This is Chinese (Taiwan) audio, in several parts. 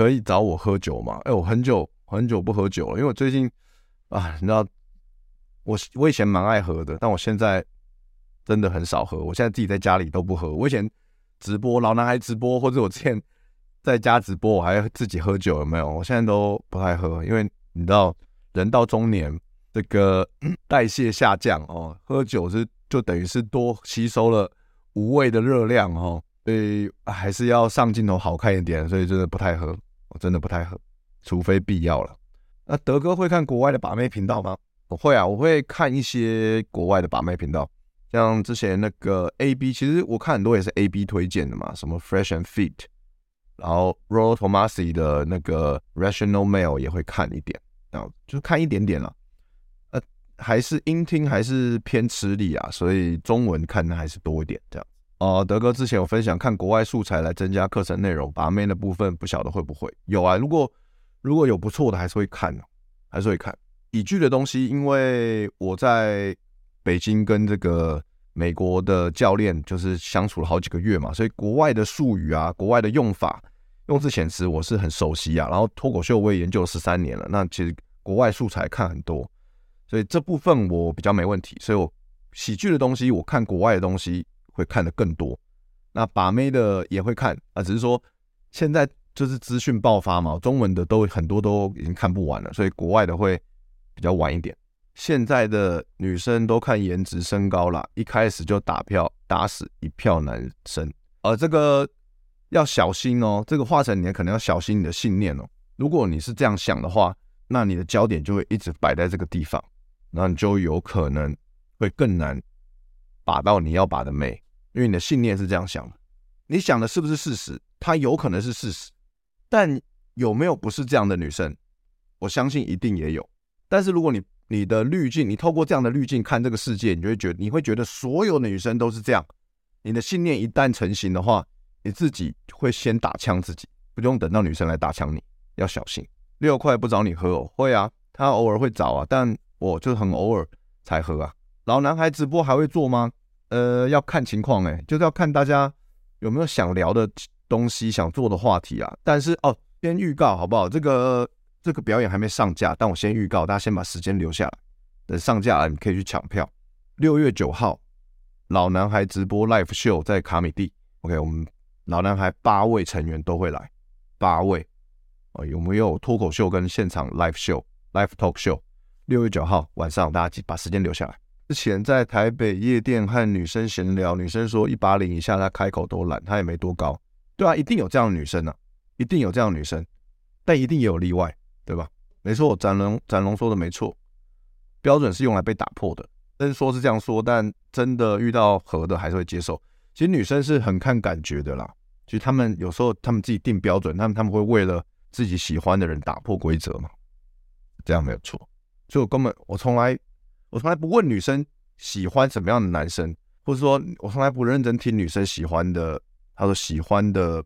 可以找我喝酒嗎？哎、欸，我很久很久不喝酒了，因為我最近啊，你知道，我我以前蠻愛喝的，但我現在真的很少喝。我現在自己在家裡都不喝。我以前直播老男孩直播，或者我之前在家直播，我還自己喝酒有沒有？我現在都不太喝，因為你知道，人到中年這個代謝下降哦，喝酒是就等於是多吸收了無謂的熱量哦，所以還是要上鏡頭好看一點，所以真的不太喝。我真的不太喝，除非必要了。那德哥會看國外的把妹頻道嗎？我會啊，我會看一些國外的把妹頻道，像之前那個 A B，其實我看很多也是 A B 推薦的嘛，什麼 Fresh and Fit，然後 Rollo Tomasi 的那個 Rational Male 也會看一點啊，就看一點點啦、啊。呃，還是英聽還是偏吃力啊，所以中文看的還是多一點，這樣。哦，德哥之前有分享看國外素材來增加課程內容，把妹的部分不曉得會不會有啊？如果如果有不錯的還是會看，還是會看還是會看喜劇的東西。因為我在北京跟這個美國的教練就是相處了好幾個月嘛，所以國外的術語啊，國外的用法、用字遣詞，我是很熟悉啊。然後脫口秀我也研究了十三年了，那其實國外素材看很多，所以這部分我比較沒問題。所以我喜劇的東西，我看國外的東西。會看得更多，那把妹的也會看啊，呃、只是說現在就是資訊爆發嘛，中文的都很多都已經看不完了，所以國外的會比較晚一點。現在的女生都看顏值身高啦，一開始就打票打死一票男生，而、呃、這個要小心哦。這個化成你可能要小心你的信念哦。如果你是這樣想的話，那你的焦點就會一直擺在這個地方，那你就有可能會更難把到你要把的妹。因為你的信念是這樣想的，你想的是不是事實？她有可能是事實，但有沒有不是這樣的女生？我相信一定也有。但是如果你你的濾鏡，你透過這樣的濾鏡看這個世界，你就會覺得你會覺得所有的女生都是這樣。你的信念一旦成型的話，你自己會先打槍自己，不用等到女生來打槍你，你要小心。六塊不找你喝？會啊，他偶爾會找啊，但我就是很偶爾才喝啊。老男孩直播還會做嗎？呃，要看情況哎，就是要看大家有沒有想聊的東西，想做的話題啊。但是哦，先預告好不好？這個這個表演還沒上架，但我先預告，大家先把時間留下來，等上架了，你可以去搶票。六月九號，老男孩直播 live show 在卡米地，OK，我們老男孩八位成員都會來，八位哦，有沒有脫口秀跟現場 live show，live talk show，六月九號晚上，大家把時間留下來。之前在台北夜店和女生閒聊，女生說一八零以下她開口都懶，她也沒多高，對啊，一定有這樣的女生啊，一定有這樣的女生，但一定也有例外，對吧？沒錯，展龍展龍說的沒錯，標準是用來被打破的。但是說是這樣說，但真的遇到合的還是會接受。其實女生是很看感覺的啦，其實他們有時候他們自己定標準，他們她們會為了自己喜歡的人打破規則嘛，這樣沒有錯。所以我根本我從來。我從來不問女生喜歡什麼樣的男生，或者說，我從來不認真聽女生喜歡的，她說喜歡的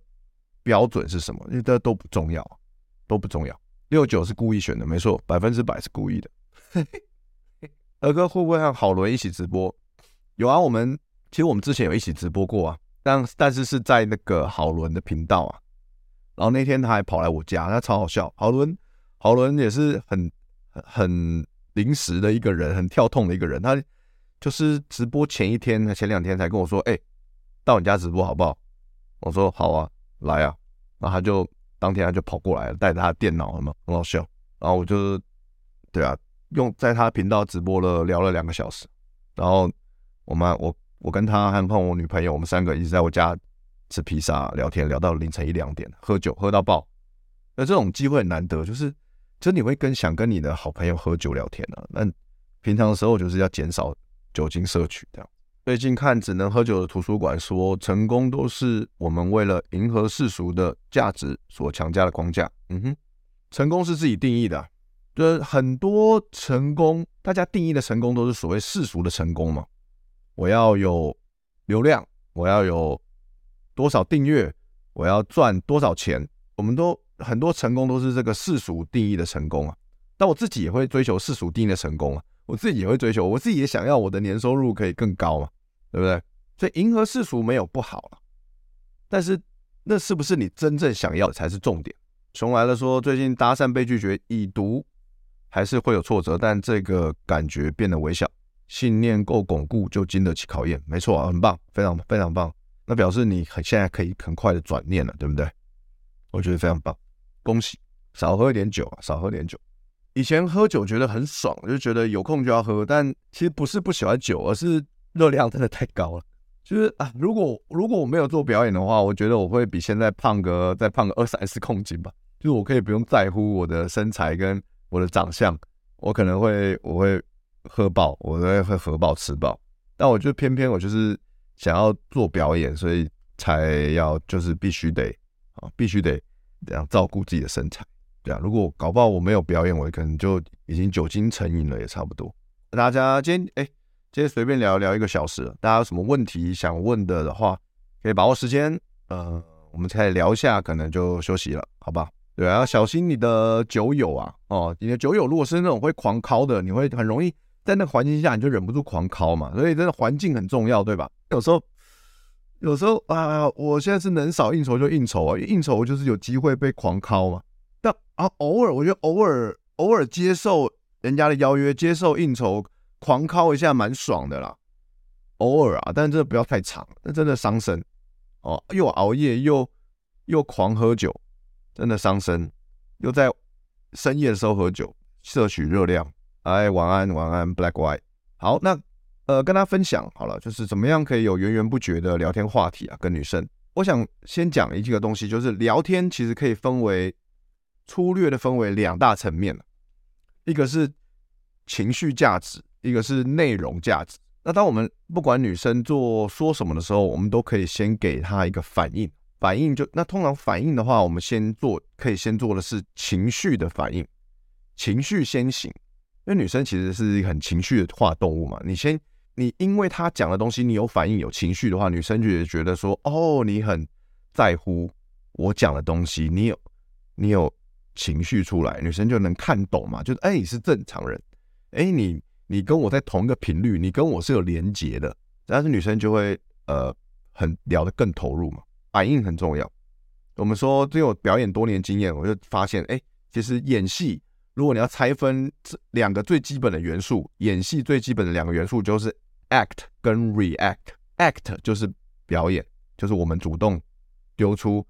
標準是什麼，因為這都不重要，都不重要。六九是故意選的，沒錯，百分之百是故意的。兒 哥會不會和郝倫一起直播？有啊，我們其實我們之前有一起直播過啊，但但是是在那個郝倫的頻道啊。然後那天他還跑來我家，他超好笑。郝倫，郝倫也是很很。臨時的一個人，很跳痛的一個人，他就是直播前一天，前兩天才跟我說：“欸，到你家直播好不好？”我說：“好啊，來啊。”然後他就當天他就跑過來了，帶着他的電腦，什麼，很好笑，然後我就，對啊，用在他頻道直播了，聊了兩個小時。然後我們我我跟他，還有我女朋友，我們三個一直在我家吃披薩，聊天聊到凌晨一兩點，喝酒喝到爆。那這種機會很難得，就是。所以你會更想跟你的好朋友喝酒聊天了啊。那平常的時候就是要減少酒精攝取。這樣，最近看只能喝酒的圖書館說，成功都是我們為了迎合世俗的價值所強加的框架。嗯哼，成功是自己定義的啊。就是很多成功，大家定義的成功都是所謂世俗的成功嘛。我要有流量，我要有多少訂閱，我要賺多少錢，我們都。很多成功都是這個世俗定義的成功啊，但我自己也會追求世俗定義的成功啊，我自己也會追求，我自己也想要我的年收入可以更高嘛，對不對？所以迎合世俗沒有不好啊，但是那是不是你真正想要的才是重點？窮來了說最近搭訕被拒絕，已讀，還是會有挫折，但這個感覺變得微小，信念夠鞏固就經得起考驗，沒錯啊，很棒，非常非常棒，那表示你很現在可以很快的轉念了，對不對？我覺得非常棒。恭喜！少喝一點酒啊，少喝點酒。以前喝酒覺得很爽，就覺得有空就要喝。但其實不是不喜歡酒，而是熱量真的太高了。就是啊，如果如果我沒有做表演的話，我覺得我會比現在胖個再胖個二三十公斤吧。就是我可以不用在乎我的身材跟我的長相，我可能會我會喝飽，我都會喝飽吃飽。但我就偏偏我就是想要做表演，所以才要就是必須得啊，必須得。怎樣照顧自己的身材？對啊，如果搞不好我沒有表演，我可能就已經酒精成癮了，也差不多。大家今哎、欸，今天隨便聊一聊一個小時，大家有什麼問題想問的的話，可以把握時間。呃，我們再聊一下，可能就休息了，好吧？對啊，小心你的酒友啊！哦，你的酒友如果是那種會狂摳的，你會很容易在那個環境下你就忍不住狂摳嘛。所以真的環境很重要，對吧？有時候。有時候啊，我現在是能少應酬就應酬啊，應酬就是有機會被狂摳嘛。但啊，偶爾我覺得偶爾偶爾接受人家的邀約，接受應酬，狂摳一下蠻爽的啦。偶爾啊，但是真的不要太長，那真的傷身哦、啊，又熬夜又又狂喝酒，真的傷身。又在深夜的時候喝酒，攝取熱量。哎，晚安晚安，Black White。好，那。呃，跟大家分享好了，就是怎麼樣可以有源源不絕的聊天話題啊？跟女生，我想先講一個東西，就是聊天其實可以分為粗略的分為兩大層面。一個是情緒價值，一個是內容價值。那當我們不管女生做說什麼的時候，我們都可以先給她一個反應，反應就，那通常反應的話，我們先做，可以先做的是情緒的反應，情緒先行，因為女生其實是一個很情緒化的動物嘛，你先。你因為他講的東西，你有反應有情緒的話，女生就覺得說：“哦，你很在乎我講的東西，你有你有情緒出來，女生就能看懂嘛。就”就、欸、哎，你是正常人，哎、欸，你你跟我在同一個頻率，你跟我是有連接的。但是女生就會呃，很聊得更投入嘛。反應很重要。我們說，就有我表演多年經驗，我就發現，哎、欸，其實演戲，如果你要拆分這兩個最基本的元素，演戲最基本的兩個元素就是。Act 跟 React，Act 就是表演，就是我們主動丟出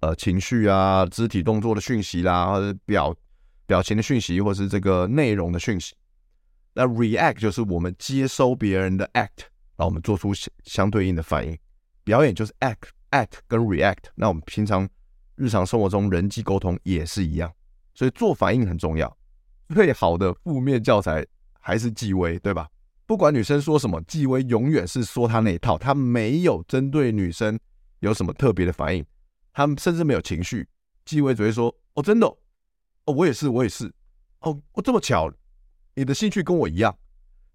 呃情緒啊、肢體動作的訊息啦，或者表表情的訊息，或是這個內容的訊息。那 React 就是我們接收別人的 Act，然後我們做出相相對應的反應。表演就是 Act，Act act 跟 React。那我們平常日常生活中人際溝通也是一樣，所以做反應很重要。最好的負面教材還是紀微，對吧？不管女生說什麼，紀威永遠是說她那一套，她沒有針對女生有什麼特別的反應，他們甚至沒有情緒，紀威只會說：“哦，真的哦，哦，我也是，我也是，哦，我這麼巧，你的興趣跟我一樣。”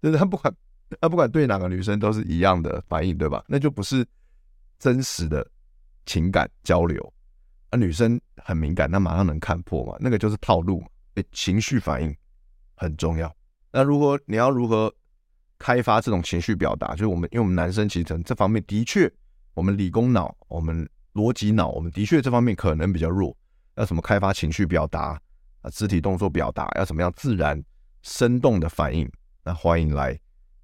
真的，他不管他不管對哪個女生都是一樣的反應，對吧？那就不是真實的情感交流。啊，女生很敏感，那馬上能看破嘛，那個就是套路嘛，欸。情緒反應很重要。那如果你要如何？開發這種情緒表達，就是我們，因為我們男生其實這方面的確，我們理工腦，我們邏輯腦，我們的確這方面可能比較弱。要怎麼開發情緒表達啊？肢體動作表達要怎麼樣自然、生動的反應？那歡迎來，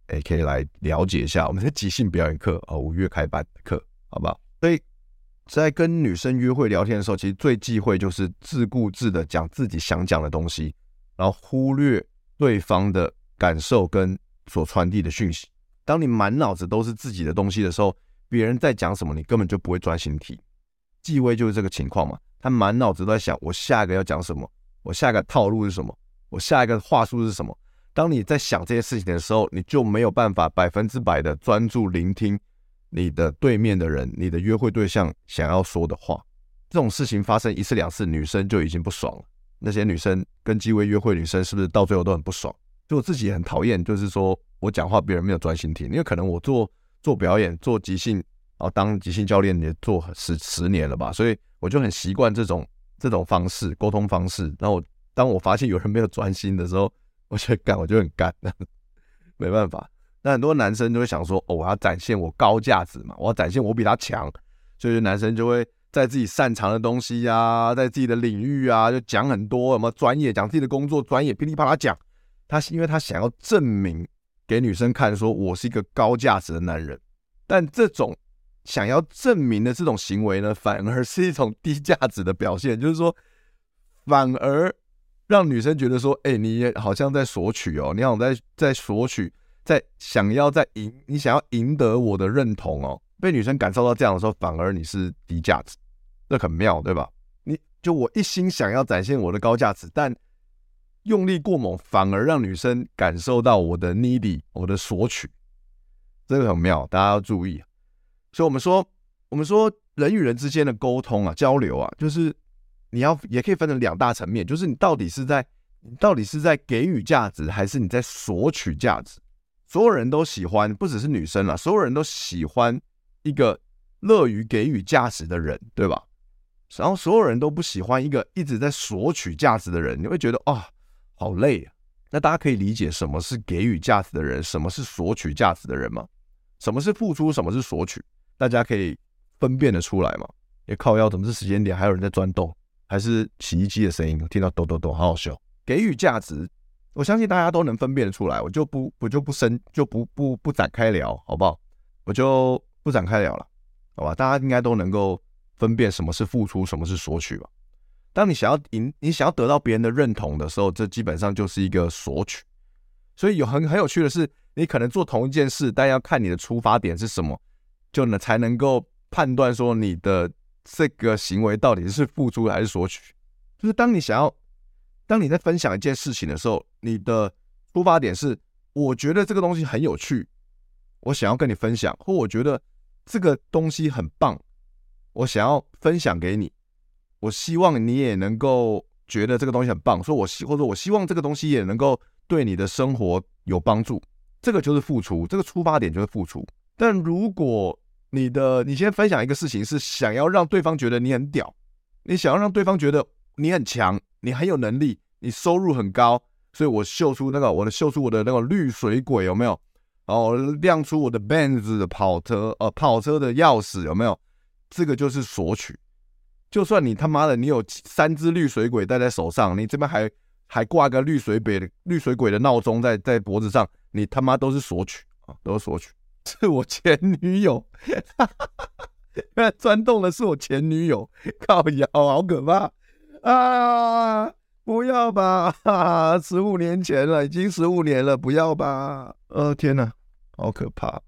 哎，可以來了解一下我們的即興表演課啊，五月開班的課，好不好？所以在跟女生約會聊天的時候，其實最忌諱就是自顧自的講自己想講的東西，然後忽略對方的感受跟。所傳遞的訊息，當你滿腦子都是自己的東西的時候，別人在講什麼，你根本就不會專心聽。紀威就是這個情況嘛，他滿腦子都在想我下一個要講什麼，我下一個套路是什麼，我下一個話術是什麼。當你在想這些事情的時候，你就沒有辦法百分之百的專注聆聽你的對面的人、你的約會對象想要說的話。這種事情發生一次兩次，女生就已經不爽了。那些女生跟紀威約會，女生是不是到最後都很不爽？就我自己很討厭，就是說我講話別人沒有專心聽，因為可能我做做表演、做即興，然後當即興教練也做十十年了吧，所以我就很習慣這種這種方式溝通方式。然後當我發現有人沒有專心的時候，我就幹，我就很幹，沒辦法。那很多男生就會想說：“哦，我要展現我高價值嘛，我要展現我比他強。”所以男生就會在自己擅長的東西呀、啊，在自己的領域啊，就講很多什麼專業，講自己的工作專業，噼里啪啪啦講。他是因為他想要證明給女生看，說我是一個高價值的男人，但這種想要證明的這種行為呢，反而是一種低價值的表現。就是說，反而讓女生覺得說，哎，你好像在索取哦，你好像在在索取，在想要在贏，你想要贏得我的認同哦。被女生感受到這樣的時候，反而你是低價值，這很妙，對吧？你就我一心想要展現我的高價值，但。用力過猛，反而讓女生感受到我的 needy，我的索取，這個很妙，大家要注意。所以，我們說，我們說人與人之間的溝通啊，交流啊，就是你要，也可以分成兩大層面，就是你到底是在，你到底是在給予價值，還是你在索取價值？所有人都喜歡，不只是女生啦，所有人都喜歡一個樂於給予價值的人，對吧？然後，所有人都不喜歡一個一直在索取價值的人，你會覺得啊。哦好累啊！那大家可以理解什麼是給予價值的人，什麼是索取價值的人嗎？什麼是付出，什麼是索取？大家可以分辨得出來嗎？也靠腰，怎麼是時間點？還有人在鑽洞，還是洗衣機的聲音？我聽到咚咚咚，好好笑。給予價值，我相信大家都能分辨得出來，我就不我就不深就不不不展開聊，好不好？我就不展開聊了，好吧？大家應該都能夠分辨什麼是付出，什麼是索取吧？當你想要贏，你想要得到別人的認同的時候，這基本上就是一個索取。所以有很很有趣的是，你可能做同一件事，但要看你的出發點是什麼，就能才能夠判斷說你的這個行為到底是付出還是索取。就是當你想要，當你在分享一件事情的時候，你的出發點是，我覺得這個東西很有趣，我想要跟你分享，或我覺得這個東西很棒，我想要分享給你。我希望你也能夠覺得這個東西很棒，說我希或者我希望這個東西也能夠對你的生活有幫助，這個就是付出，這個出發點就是付出。但如果你的你先分享一個事情是想要讓對方覺得你很屌，你想要讓對方覺得你很強，你很有能力，你收入很高，所以我秀出那個，我的秀出我的那個綠水鬼有沒有？哦，亮出我的 Benz 的跑車，呃，跑車的鑰匙有沒有？這個就是索取。就算你他媽的，你有三隻綠水鬼戴在手上，你這邊還還掛個綠水鬼綠水鬼的鬧鐘在在脖子上，你他媽都是索取啊，都是索取。是我前女友，哈哈哈哈哈！鑽洞了，是我前女友，靠腰，好可怕啊！不要吧，啊，十五年前了，已經十五年了，不要吧？呃，天吶，好可怕！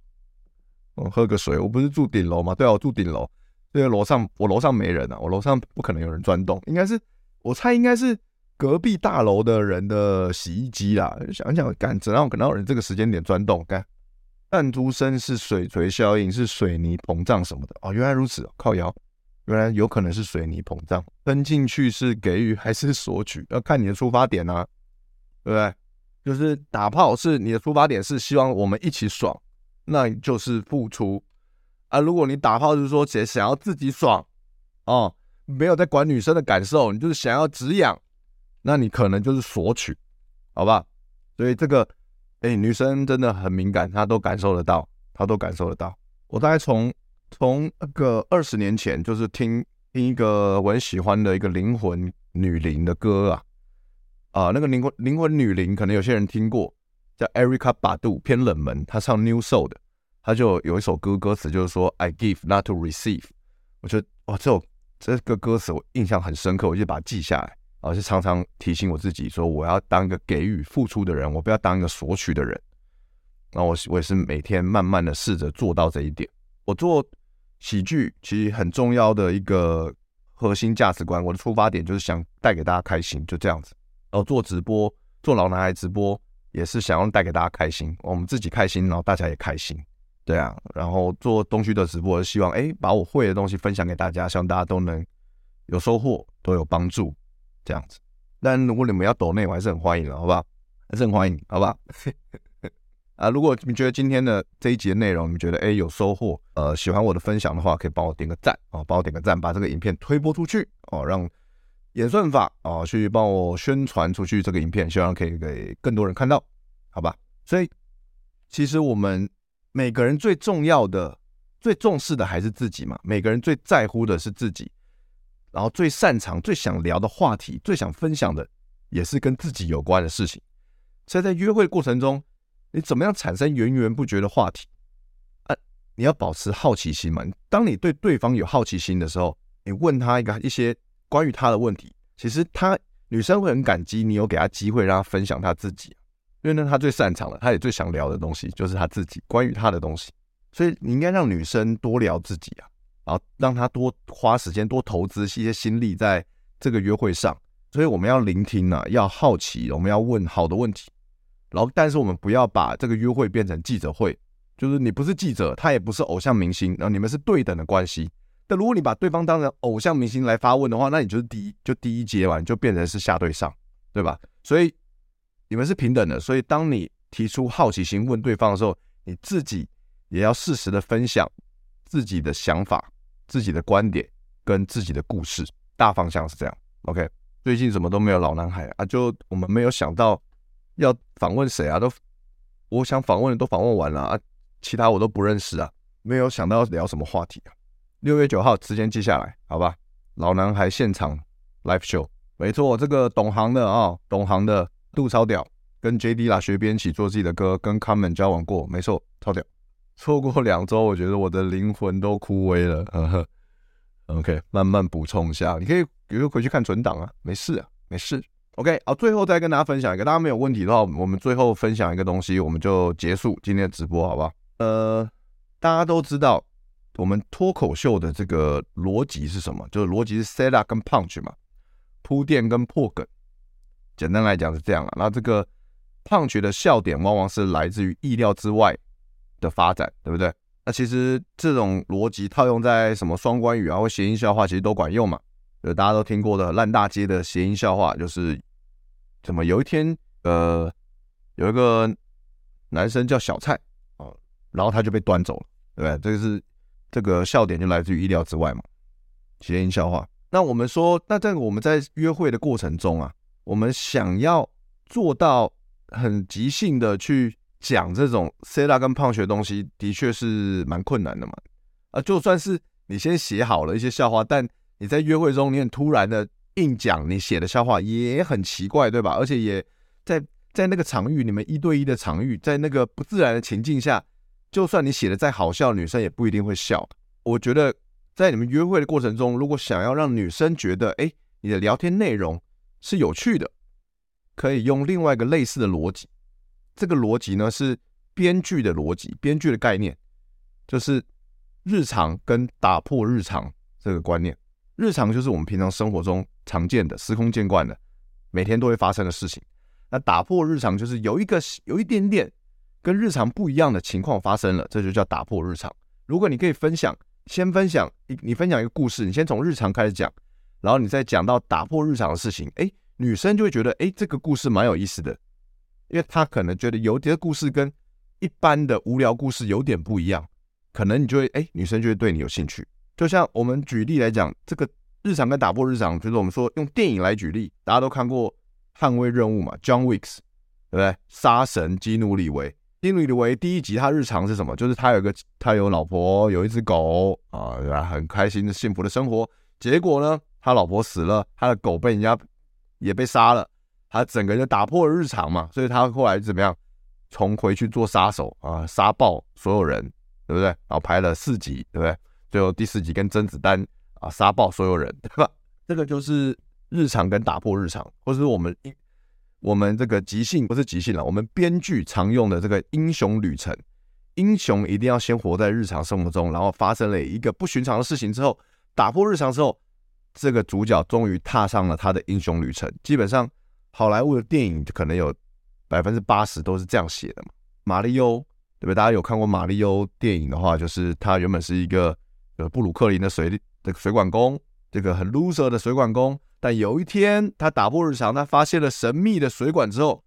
我喝個水，我不是住頂樓嗎？對啊，我住頂樓。那、這個樓上，我樓上沒人啊，我樓上不可能有人鑽洞，應該是，我猜應該是隔壁大樓的人的洗衣機啦。想想看，怎樣可能有人這個時間點鑽洞，看彈珠聲是水錘效應，是水泥膨脹什麼的哦，原來如此，靠腰，原來有可能是水泥膨脹。噴進去是給予還是索取，要看你的出發點啊，對不對？就是打炮是你的出發點，是希望我們一起爽，那就是付出。啊，如果你打炮就是說，只想要自己爽，哦、嗯，沒有在管女生的感受，你就是想要止癢，那你可能就是索取，好吧？所以這個，哎、欸，女生真的很敏感，她都感受得到，她都感受得到。我大概從從那個二十年前，就是聽聽一個我很喜歡的一個靈魂女伶的歌啊，啊，那個靈魂靈魂女伶可能有些人聽過，叫 Erykah Badu，偏冷門，她唱 Neo Soul 的。他就有一首歌，歌詞就是說 "I give not to receive"，我覺得哇，這首這個歌詞我印象很深刻，我就把它記下來，然後就常常提醒我自己，說我要當一個給予、付出的人，我不要當一個索取的人。那我我也是每天慢慢的試着做到這一點。我做喜劇其實很重要的一個核心價值觀，我的出發點就是想帶給大家開心，就這樣子。然後做直播，做老男孩直播也是想要帶給大家開心，我們自己開心，然後大家也開心。對啊，然後做東區德的直播，希望哎，把我會的東西分享給大家，希望大家都能有收穫，都有幫助，這樣子。但如果你們要抖內，我還是很歡迎的，好不好？還是很歡迎，好吧？ 啊，如果你覺得今天的這一集的內容，你們覺得哎，有收穫，呃，喜歡我的分享的話，可以幫我點個讚啊、哦，幫我點個讚，把這個影片推播出去哦，讓演算法啊、哦、去幫我宣傳出去這個影片，希望可以給更多人看到，好吧？所以其實我們。每個人最重要的、最重視的還是自己嘛。每個人最在乎的是自己，然後最擅長、最想聊的話題、最想分享的也是跟自己有關的事情。所以在約會過程中，你怎麼樣產生源源不絕的話題啊？你要保持好奇心嘛。當你對對方有好奇心的時候，你問他一個一些關於他的問題，其實他，女生會很感激你有給他機會讓他分享他自己。因為呢，他最擅長的，他也最想聊的東西，就是他自己關於他的東西。所以你應該讓女生多聊自己啊，然後讓他多花時間、多投資一些心力在這個約會上。所以我們要聆聽啊，要好奇，我們要問好的問題。然後，但是我們不要把這個約會變成記者會，就是你不是記者，他也不是偶像明星，然後你們是對等的關係。但如果你把對方當成偶像明星來發問的話，那你就是第一就第一節完就變成是下對上，對吧？所以。你們是平等的，所以當你提出好奇心問對方的時候，你自己也要適時的分享自己的想法、自己的觀點跟自己的故事。大方向是這樣，OK。最近怎麼都沒有老男孩啊，啊？就我們沒有想到要訪問誰啊？都我想訪問的都訪問完了啊，其他我都不認識啊，沒有想到聊什麼話題啊。六月九號時間記下來，好吧？老男孩現場 live show，沒錯，這個懂行的啊，懂行的。度超屌，跟 J.D. 啦學編曲，做自己的歌，跟 Comment 交往過，沒錯，超屌。錯過兩週，我覺得我的靈魂都枯萎了。呵呵 o、okay, k 慢慢補充一下，你可以，比如說回去看存檔啊，沒事啊，沒事。OK，好、哦，最後再跟大家分享一個，大家沒有問題的話，我們最後分享一個東西，我們就結束今天的直播，好不好？呃，大家都知道我們脫口秀的這個邏輯是什麼？就是邏輯是 setup 跟 punch 嘛，鋪墊跟破梗。簡單來講是這樣啊，那這個胖橘的笑點往往是來自於意料之外的發展，對不對？那其實這種邏輯套用在什麼雙關語啊，或諧音笑話，其實都管用嘛。就大家都聽過的爛大街的諧音笑話，就是怎麼有一天呃有一個男生叫小蔡啊、呃，然後他就被端走了，對不對？這個是這個笑點就來自於意料之外嘛，諧音笑話。那我們說，那在我們在約會的過程中啊。我們想要做到很即興的去講這種 setup 跟 punch 的東西，的確是蠻困難的嘛。啊，就算是你先寫好了一些笑話，但你在約會中，你很突然的硬講你寫的笑話，也很奇怪，對吧？而且也在在那個場域，你們一對一的場域，在那個不自然的情境下，就算你寫的再好笑，女生也不一定會笑。我覺得在你們約會的過程中，如果想要讓女生覺得，哎、欸，你的聊天內容。是有趣的，可以用另外一個類似的邏輯。這個邏輯呢，是編劇的邏輯，編劇的概念就是日常跟打破日常這個觀念。日常就是我們平常生活中常見的、司空見慣的，每天都會發生的事情。那打破日常就是有一個有一點點跟日常不一樣的情況發生了，這就叫打破日常。如果你可以分享，先分享，你你分享一個故事，你先從日常開始講。然後你再講到打破日常的事情，哎，女生就會覺得，哎，這個故事蠻有意思的，因為她可能覺得有點、這個、故事跟一般的無聊故事有點不一樣，可能你就會，哎，女生就會對你有興趣。就像我們舉例來講，這個日常跟打破日常，就是我們說用電影來舉例，大家都看過《捍衛任務》嘛，John Wicks，對不對？殺神基努李維，基努李維第一集他日常是什麼？就是他有個，他有老婆，有一隻狗，啊，很開心的幸福的生活，結果呢？他老婆死了，他的狗被人家也被殺了，他整個人就打破了日常嘛，所以他後來怎麼樣？重回去做殺手啊，殺爆所有人，對不對？然後拍了四集，對不對？最後第四集跟甄子丹啊，殺爆所有人，對吧？這個就是日常跟打破日常，或者我們一我們這個即興不是即興了，我們編劇常用的這個英雄旅程，英雄一定要先活在日常生活中，然後發生了一個不尋常的事情之後，打破日常之後。這個主角終於踏上了他的英雄旅程。基本上，好萊塢的電影就可能有百分之八十都是這樣寫的嘛。馬里奧，對不對？大家有看過馬里奧電影的話，就是他原本是一個呃、就是、布魯克林的水這個水管工，這個很 loser 的水管工。但有一天，他打破日常，他發現了神秘的水管之後，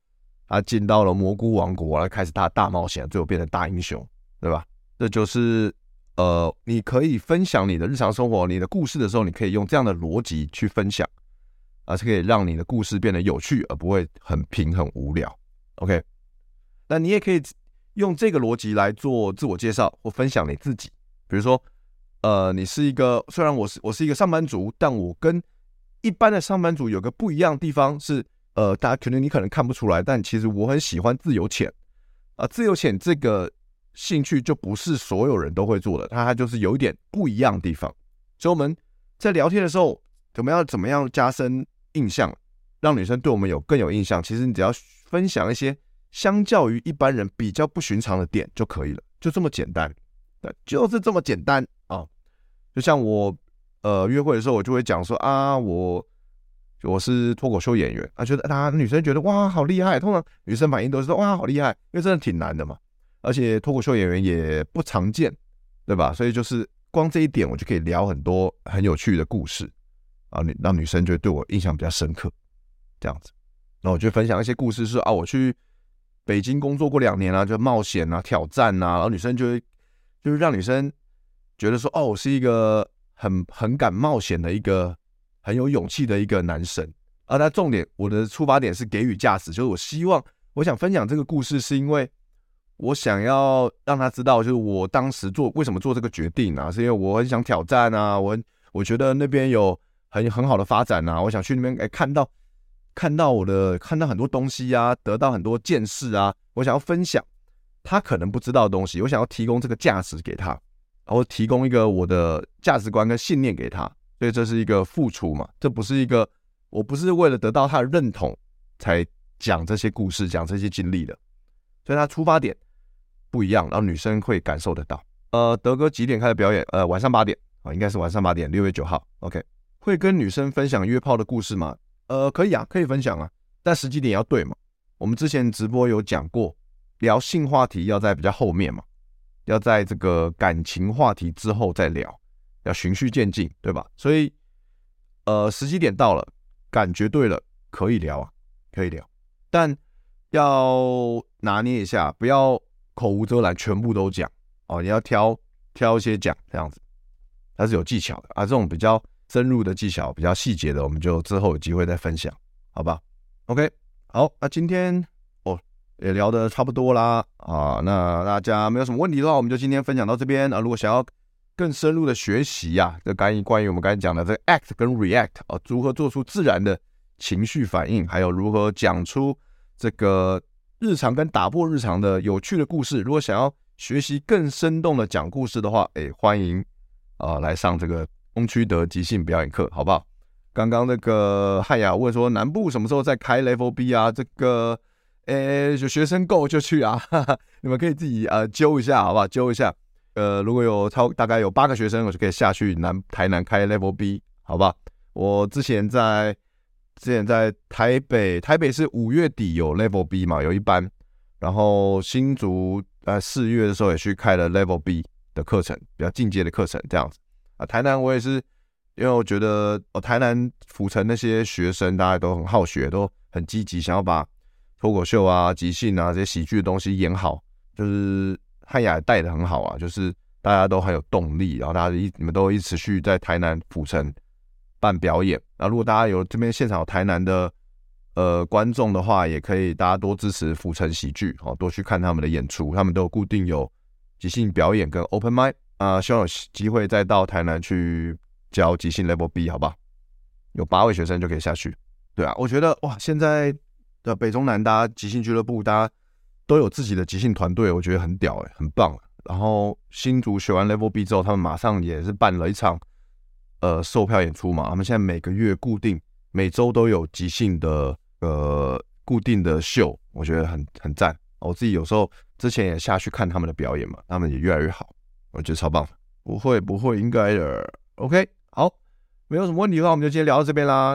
他進到了蘑菇王國，然後開始他大，大冒險，最後變成大英雄，對吧？這就是。呃，你可以分享你的日常生活、你的故事的時候，你可以用這樣的邏輯去分享，而、啊、是可以讓你的故事變得有趣，而不會很平很無聊。OK，那你也可以用這個邏輯來做自我介紹或分享你自己。比如說，呃，你是一個，雖然我是我是一個上班族，但我跟一般的上班族有個不一樣的地方是，呃，大家可能你可能看不出來，但其實我很喜歡自由潛啊、呃，自由潛這個。興趣就不是所有人都會做的，它它就是有一點不一樣的地方。所以我們在聊天的時候，怎麼樣怎麼樣加深印象，讓女生對我們有更有印象？其實你只要分享一些相較於一般人比較不尋常的點就可以了，就這麼簡單。對，就是這麼簡單啊！就像我呃約會的時候，我就會講說啊，我我是脫口秀演員啊，覺得啊女生覺得哇好厲害，通常女生反應都是說哇好厲害，因為真的挺難的嘛。而且脫口秀演員也不常見，對吧？所以就是光這一點，我就可以聊很多很有趣的故事啊，你讓女生覺得，對我印象比較深刻，這樣子。那我就分享一些故事是，說啊，我去北京工作過兩年啊，就冒險啊、挑戰啊，然後女生就會就是讓女生覺得說，哦，我是一個很很敢冒險的一個很有勇氣的一個男生啊。那重點，我的出發點是給予價值，就是我希望我想分享這個故事，是因為。我想要讓他知道，就是我當時做為什麼做這個決定啊？是因為我很想挑戰啊，我很我覺得那邊有很很好的發展啊，我想去那邊哎、欸、看到看到我的看到很多東西呀、啊，得到很多見識啊，我想要分享他可能不知道的東西，我想要提供這個價值給他，然後提供一個我的價值觀跟信念給他，所以這是一個付出嘛，這不是一個我不是為了得到他的認同才講這些故事講這些經歷的，所以他出發點。不一樣，然後女生會感受得到。呃，德哥幾點開始表演？呃，晚上八點啊，應該是晚上八點，六月九號。OK，會跟女生分享約炮的故事嗎？呃，可以啊，可以分享啊，但時機點要對嘛？我們之前直播有講過，聊性話題要在比較後面嘛，要在這個感情話題之後再聊，要循序漸進，對吧？所以，呃，時機點到了，感覺對了，可以聊啊，可以聊，但要拿捏一下，不要。口無遮攔，全部都講哦。你要挑挑一些講這樣子，它是有技巧的啊。這種比較深入的技巧、比較細節的，我們就之後有機會再分享，好吧？OK，好，那今天哦也聊得差不多啦啊。那大家沒有什麼問題的話，我們就今天分享到這邊啊。如果想要更深入的學習呀、啊，這關於關於我們剛才講的這個 Act 跟 React 啊，如何做出自然的情緒反應，還有如何講出這個。日常跟打破日常的有趣的故事，如果想要學習更生動的講故事的話，誒，歡迎啊來上這個東區德即興表演課，好不好？剛剛那個漢雅問說南部什麼時候再開 Level B 啊？這個，哎，學生夠就去啊， 你們可以自己啊、呃、揪一下，好不好？揪一下，呃，如果有超大概有八個學生，我就可以下去南台南開 Level B，好不好？我之前在。之前在台北，台北是五月底有 Level B 嘛，有一班。然後新竹在四月的時候也去開了 Level B 的課程，比較進階的課程這樣子。啊，台南我也是，因為我覺得哦，台南府城那些學生大家都很好學，都很積極，想要把脫口秀啊、即興啊這些喜劇的東西演好。就是漢雅也帶的很好啊，就是大家都很有動力，然後大家一你們都一直持續在台南府城。辦表演，那、啊、如果大家有這邊現場有台南的呃觀眾的話，也可以大家多支持浮沉喜劇哦，多去看他們的演出。他們都有固定有即興表演跟 Open Mic 啊，希望有機會再到台南去教即興 Level B，好吧？有八位學生就可以下去，對啊，我覺得哇，現在的北中南大家即興俱樂部，大家都有自己的即興團隊，我覺得很屌誒、欸，很棒。然後新竹學完 Level B 之後，他們馬上也是辦了一場。呃，售票演出嘛，他們現在每個月固定，每週都有即興的呃固定的秀，我覺得很很讚。我自己有時候之前也下去看他們的表演嘛，他們也越來越好，我覺得超棒。不會不會，應該的。OK，好，沒有什麼問題的話，我們就今天聊到這邊啦。